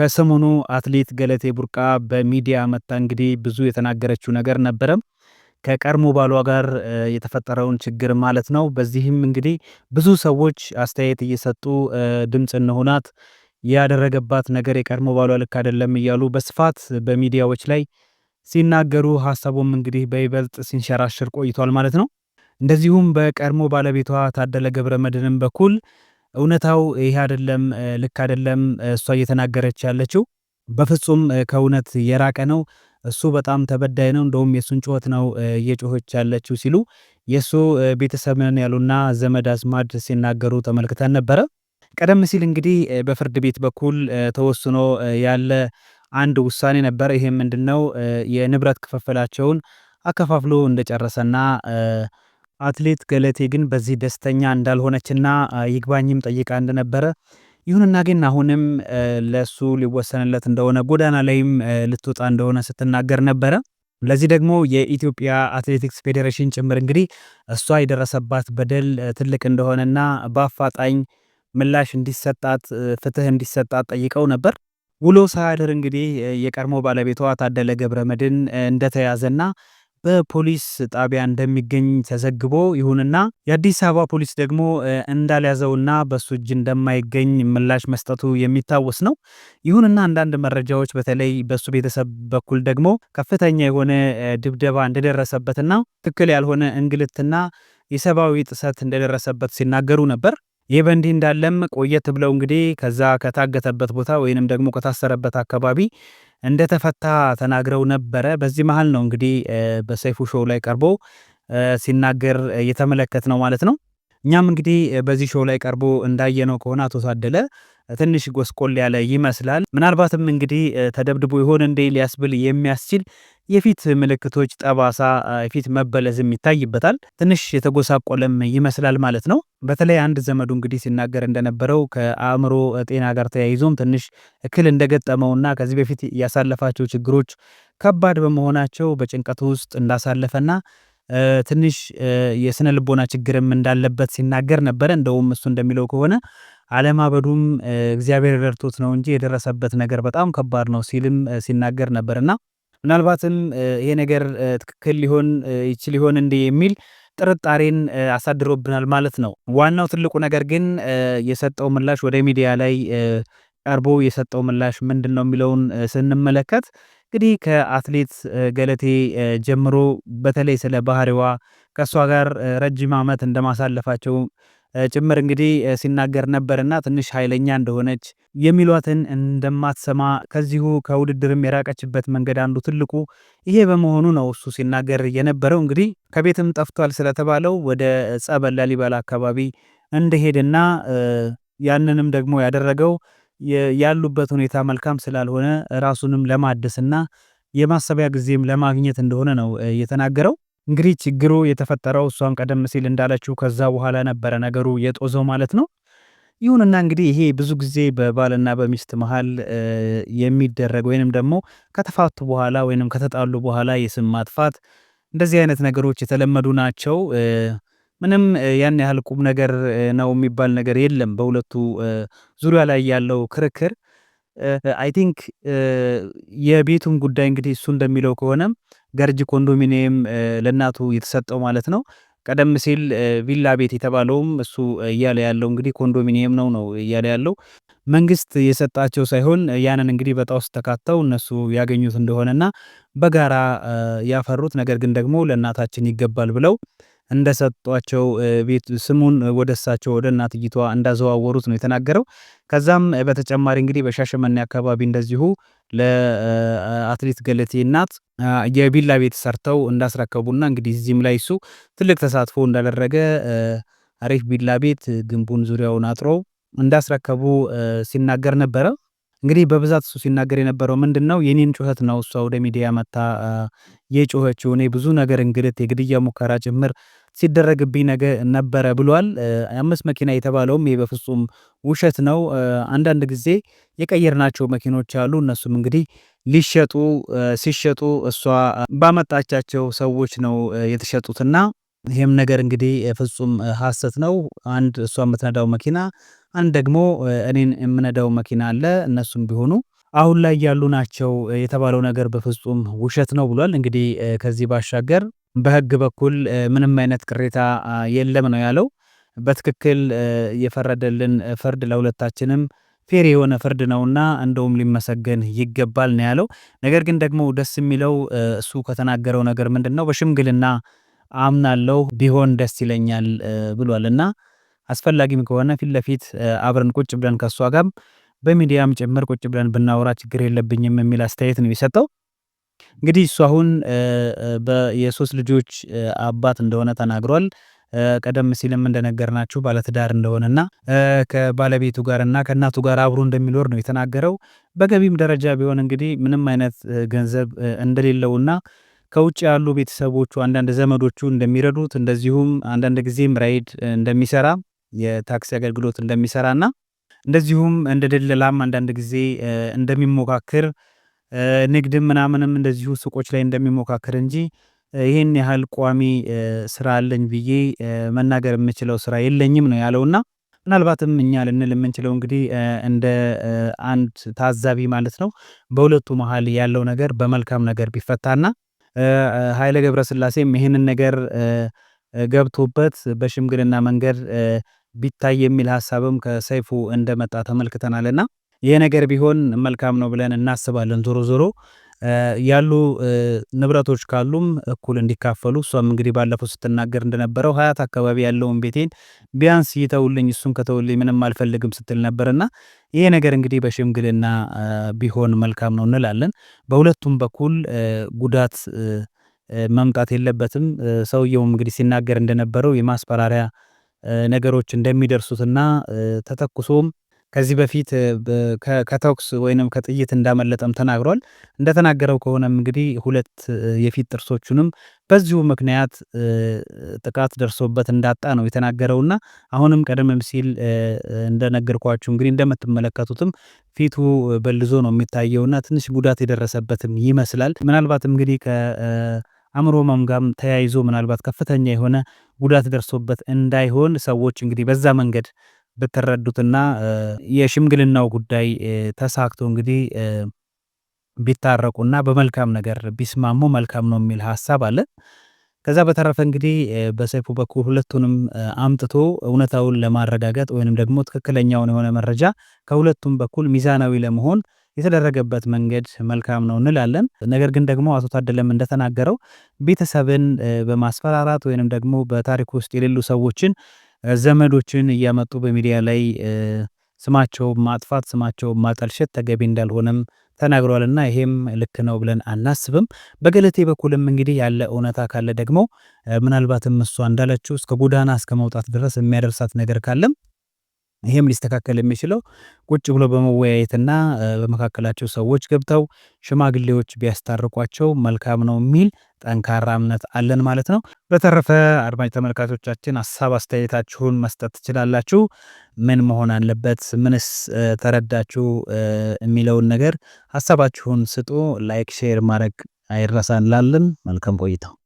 ከሰሞኑ አትሌት ገለቴ ቡርቃ በሚዲያ መታ እንግዲህ ብዙ የተናገረችው ነገር ነበረም ከቀድሞ ባሏ ጋር የተፈጠረውን ችግር ማለት ነው። በዚህም እንግዲህ ብዙ ሰዎች አስተያየት እየሰጡ ድምፅ እንሆናት ያደረገባት ነገር የቀድሞ ባሏ ልክ አይደለም እያሉ በስፋት በሚዲያዎች ላይ ሲናገሩ ሀሳቡም እንግዲህ በይበልጥ ሲንሸራሸር ቆይቷል ማለት ነው። እንደዚሁም በቀድሞ ባለቤቷ ታደለ ገብረ መድህንም በኩል እውነታው ይሄ አይደለም፣ ልክ አይደለም፣ እሷ እየተናገረች ያለችው በፍጹም ከእውነት የራቀ ነው፣ እሱ በጣም ተበዳይ ነው፣ እንደውም የእሱን ጩኸት ነው እየጮኸች ያለችው ሲሉ የእሱ ቤተሰብን ያሉና ዘመድ አዝማድ ሲናገሩ ተመልክተን ነበረ። ቀደም ሲል እንግዲህ በፍርድ ቤት በኩል ተወስኖ ያለ አንድ ውሳኔ ነበር። ይሄ ምንድነው? የንብረት ክፍፍላቸውን አከፋፍሎ እንደጨረሰና አትሌት ገለቴ ግን በዚህ ደስተኛ እንዳልሆነችና ይግባኝም ጠይቃ እንደነበረ ይሁንና ግን አሁንም ለሱ ሊወሰንለት እንደሆነ ጎዳና ላይም ልትወጣ እንደሆነ ስትናገር ነበረ። ለዚህ ደግሞ የኢትዮጵያ አትሌቲክስ ፌዴሬሽን ጭምር እንግዲህ እሷ የደረሰባት በደል ትልቅ እንደሆነና በአፋጣኝ ምላሽ እንዲሰጣት፣ ፍትህ እንዲሰጣት ጠይቀው ነበር። ውሎ ሳያድር እንግዲህ የቀድሞ ባለቤቷ ታደለ ገብረ መድን እንደተያዘና በፖሊስ ጣቢያ እንደሚገኝ ተዘግቦ፣ ይሁንና የአዲስ አበባ ፖሊስ ደግሞ እንዳልያዘውና በሱ እጅ እንደማይገኝ ምላሽ መስጠቱ የሚታወስ ነው። ይሁንና አንዳንድ መረጃዎች በተለይ በሱ ቤተሰብ በኩል ደግሞ ከፍተኛ የሆነ ድብደባ እንደደረሰበትና ትክክል ያልሆነ እንግልትና የሰብአዊ ጥሰት እንደደረሰበት ሲናገሩ ነበር። ይህ በእንዲህ እንዳለም ቆየት ብለው እንግዲህ ከዛ ከታገተበት ቦታ ወይንም ደግሞ ከታሰረበት አካባቢ እንደተፈታ ተናግረው ነበረ። በዚህ መሀል ነው እንግዲህ በሰይፉ ሾው ላይ ቀርቦ ሲናገር እየተመለከት ነው ማለት ነው። እኛም እንግዲህ በዚህ ሾው ላይ ቀርቦ እንዳየነው ከሆነ አቶ ታደለ ትንሽ ጎስቆል ያለ ይመስላል። ምናልባትም እንግዲህ ተደብድቦ ይሆን እንዴ ሊያስብል የሚያስችል የፊት ምልክቶች፣ ጠባሳ፣ የፊት መበለዝም ይታይበታል። ትንሽ የተጎሳቆለም ይመስላል ማለት ነው። በተለይ አንድ ዘመዱ እንግዲህ ሲናገር እንደነበረው ከአእምሮ ጤና ጋር ተያይዞም ትንሽ እክል እንደገጠመውና ከዚህ በፊት ያሳለፋቸው ችግሮች ከባድ በመሆናቸው በጭንቀቱ ውስጥ እንዳሳለፈና ትንሽ የስነ ልቦና ችግርም እንዳለበት ሲናገር ነበረ። እንደውም እሱ እንደሚለው ከሆነ አለማበዱም እግዚአብሔር ረድቶት ነው እንጂ የደረሰበት ነገር በጣም ከባድ ነው ሲልም ሲናገር ነበር እና ምናልባትም ይሄ ነገር ትክክል ሊሆን ይችል ሊሆን እንዲ የሚል ጥርጣሬን አሳድሮብናል ማለት ነው። ዋናው ትልቁ ነገር ግን የሰጠው ምላሽ ወደ ሚዲያ ላይ ቀርቦ የሰጠው ምላሽ ምንድን ነው የሚለውን ስንመለከት እንግዲህ ከአትሌት ገለቴ ጀምሮ በተለይ ስለ ባህሪዋ ከእሷ ጋር ረጅም ዓመት እንደማሳለፋቸው ጭምር እንግዲህ ሲናገር ነበርና ትንሽ ኃይለኛ እንደሆነች የሚሏትን እንደማትሰማ ከዚሁ ከውድድርም የራቀችበት መንገድ አንዱ ትልቁ ይሄ በመሆኑ ነው እሱ ሲናገር የነበረው። እንግዲህ ከቤትም ጠፍቷል ስለተባለው ወደ ጸበል ላሊበላ አካባቢ እንደሄድና ያንንም ደግሞ ያደረገው ያሉበት ሁኔታ መልካም ስላልሆነ ራሱንም ለማደስና የማሰቢያ ጊዜም ለማግኘት እንደሆነ ነው የተናገረው። እንግዲህ ችግሩ የተፈጠረው እሷም ቀደም ሲል እንዳለችው ከዛ በኋላ ነበረ ነገሩ የጦዘው ማለት ነው። ይሁንና እንግዲህ ይሄ ብዙ ጊዜ በባልና በሚስት መሀል የሚደረግ ወይንም ደግሞ ከተፋቱ በኋላ ወይንም ከተጣሉ በኋላ የስም ማጥፋት እንደዚህ አይነት ነገሮች የተለመዱ ናቸው። ምንም ያን ያህል ቁም ነገር ነው የሚባል ነገር የለም። በሁለቱ ዙሪያ ላይ ያለው ክርክር አይ ቲንክ የቤቱን ጉዳይ እንግዲህ እሱ እንደሚለው ከሆነም ገርጅ ኮንዶሚኒየም ለእናቱ የተሰጠው ማለት ነው። ቀደም ሲል ቪላ ቤት የተባለውም እሱ እያለ ያለው እንግዲህ ኮንዶሚኒየም ነው ነው እያለ ያለው መንግስት የሰጣቸው ሳይሆን ያንን እንግዲህ በጣ ውስጥ ተካተው እነሱ ያገኙት እንደሆነና በጋራ ያፈሩት ነገር ግን ደግሞ ለእናታችን ይገባል ብለው እንደሰጧቸው ቤት ስሙን ወደ እሳቸው ወደ እናትይቷ እንዳዘዋወሩት ነው የተናገረው። ከዛም በተጨማሪ እንግዲህ በሻሸመኔ አካባቢ እንደዚሁ ለአትሌት ገለቴ እናት የቢላ ቤት ሰርተው እንዳስረከቡና እንግዲህ እዚህም ላይ እሱ ትልቅ ተሳትፎ እንዳደረገ አሪፍ ቢላ ቤት ግንቡን ዙሪያውን አጥሮ እንዳስረከቡ ሲናገር ነበረ። እንግዲህ በብዛት እሱ ሲናገር የነበረው ምንድን ነው? የኔን ጩኸት ነው እሷ ወደ ሚዲያ መታ የጮኸችው። እኔ ብዙ ነገር እንግልት፣ የግድያ ሙከራ ጭምር ሲደረግብኝ ነገ ነበረ ብሏል። አምስት መኪና የተባለውም ይህ በፍጹም ውሸት ነው። አንዳንድ ጊዜ የቀየርናቸው መኪኖች አሉ። እነሱም እንግዲህ ሊሸጡ ሲሸጡ እሷ ባመጣቻቸው ሰዎች ነው የተሸጡትና ይህም ነገር እንግዲህ ፍጹም ሐሰት ነው። አንድ እሷ የምትነዳው መኪና አንድ ደግሞ እኔን የምነዳው መኪና አለ እነሱም ቢሆኑ አሁን ላይ ያሉ ናቸው የተባለው ነገር በፍጹም ውሸት ነው ብሏል። እንግዲህ ከዚህ ባሻገር በህግ በኩል ምንም አይነት ቅሬታ የለም ነው ያለው። በትክክል የፈረደልን ፍርድ ለሁለታችንም ፌር የሆነ ፍርድ ነውና እንደውም ሊመሰገን ይገባል ነው ያለው። ነገር ግን ደግሞ ደስ የሚለው እሱ ከተናገረው ነገር ምንድን ነው በሽምግልና አምናለው ቢሆን ደስ ይለኛል ብሏል እና አስፈላጊም ከሆነ ፊት ለፊት አብረን ቁጭ ብለን ከእሷ ጋር በሚዲያም ጭምር ቁጭ ብለን ብናወራ ችግር የለብኝም የሚል አስተያየት ነው የሰጠው። እንግዲህ እሱ አሁን የሶስት ልጆች አባት እንደሆነ ተናግሯል። ቀደም ሲልም እንደነገርናችሁ ባለትዳር እንደሆነና ከባለቤቱ ጋር እና ከእናቱ ጋር አብሮ እንደሚኖር ነው የተናገረው። በገቢም ደረጃ ቢሆን እንግዲህ ምንም አይነት ገንዘብ እንደሌለውና ከውጭ ያሉ ቤተሰቦቹ አንዳንድ ዘመዶቹ እንደሚረዱት እንደዚሁም አንዳንድ ጊዜም ራይድ እንደሚሰራ የታክሲ አገልግሎት እንደሚሰራና እንደዚሁም እንደ ደለላም አንዳንድ ጊዜ እንደሚሞካክር ንግድም ምናምንም እንደዚሁ ሱቆች ላይ እንደሚሞካክር እንጂ ይህን ያህል ቋሚ ስራ አለኝ ብዬ መናገር የምችለው ስራ የለኝም ነው ያለው። ምናልባትም እኛ ልንል የምንችለው እንግዲህ እንደ አንድ ታዛቢ ማለት ነው በሁለቱ መሀል ያለው ነገር በመልካም ነገር ቢፈታና ኃይለ ገብረስላሴም ይህንን ነገር ገብቶበት በሽምግልና መንገድ ቢታይ የሚል ሀሳብም ከሰይፉ እንደመጣ ተመልክተናል። እና ይህ ነገር ቢሆን መልካም ነው ብለን እናስባለን። ዞሮ ዞሮ ያሉ ንብረቶች ካሉም እኩል እንዲካፈሉ እሷም እንግዲህ ባለፈው ስትናገር እንደነበረው ሀያት አካባቢ ያለውን ቤቴን ቢያንስ ይተውልኝ፣ እሱም ከተውልኝ ምንም አልፈልግም ስትል ነበርና ይሄ ነገር እንግዲህ በሽምግልና ቢሆን መልካም ነው እንላለን። በሁለቱም በኩል ጉዳት መምጣት የለበትም። ሰውየውም እንግዲህ ሲናገር እንደነበረው የማስፈራሪያ ነገሮች እንደሚደርሱትና ተተኩሶም ከዚህ በፊት ከተኩስ ወይንም ከጥይት እንዳመለጠም ተናግሯል። እንደተናገረው ከሆነም እንግዲህ ሁለት የፊት ጥርሶቹንም በዚሁ ምክንያት ጥቃት ደርሶበት እንዳጣ ነው የተናገረውና አሁንም ቀደም ሲል እንደነገርኳችሁ እንግዲህ እንደምትመለከቱትም ፊቱ በልዞ ነው የሚታየውና ትንሽ ጉዳት የደረሰበትም ይመስላል ምናልባት እንግዲህ አእምሮ መምጋም ተያይዞ ምናልባት ከፍተኛ የሆነ ጉዳት ደርሶበት እንዳይሆን ሰዎች እንግዲህ በዛ መንገድ ብትረዱትና የሽምግልናው ጉዳይ ተሳክቶ እንግዲህ ቢታረቁና በመልካም ነገር ቢስማሙ መልካም ነው የሚል ሀሳብ አለ። ከዛ በተረፈ እንግዲህ በሰይፉ በኩል ሁለቱንም አምጥቶ እውነታውን ለማረጋገጥ ወይንም ደግሞ ትክክለኛውን የሆነ መረጃ ከሁለቱም በኩል ሚዛናዊ ለመሆን የተደረገበት መንገድ መልካም ነው እንላለን። ነገር ግን ደግሞ አቶ ታደለም እንደተናገረው ቤተሰብን በማስፈራራት ወይንም ደግሞ በታሪክ ውስጥ የሌሉ ሰዎችን ዘመዶችን እያመጡ በሚዲያ ላይ ስማቸው ማጥፋት ስማቸው ማጠልሸት ተገቢ እንዳልሆነም እና ይሄም ልክ ነው ብለን አናስብም። በገለቴ በኩልም እንግዲህ ያለ እውነታ ካለ ደግሞ ምናልባትም እሷ እንዳለችው እስከ ጎዳና እስከ መውጣት ድረስ የሚያደርሳት ነገር ካለም ይሄም ሊስተካከል የሚችለው ቁጭ ብሎ በመወያየትና በመካከላቸው ሰዎች ገብተው ሽማግሌዎች ቢያስታርቋቸው መልካም ነው የሚል ጠንካራ እምነት አለን ማለት ነው። በተረፈ አድማጭ ተመልካቾቻችን ሀሳብ አስተያየታችሁን መስጠት ትችላላችሁ። ምን መሆን አለበት፣ ምንስ ተረዳችሁ የሚለውን ነገር ሀሳባችሁን ስጡ። ላይክ፣ ሼር ማድረግ አይረሳን። ላለን መልካም ቆይታው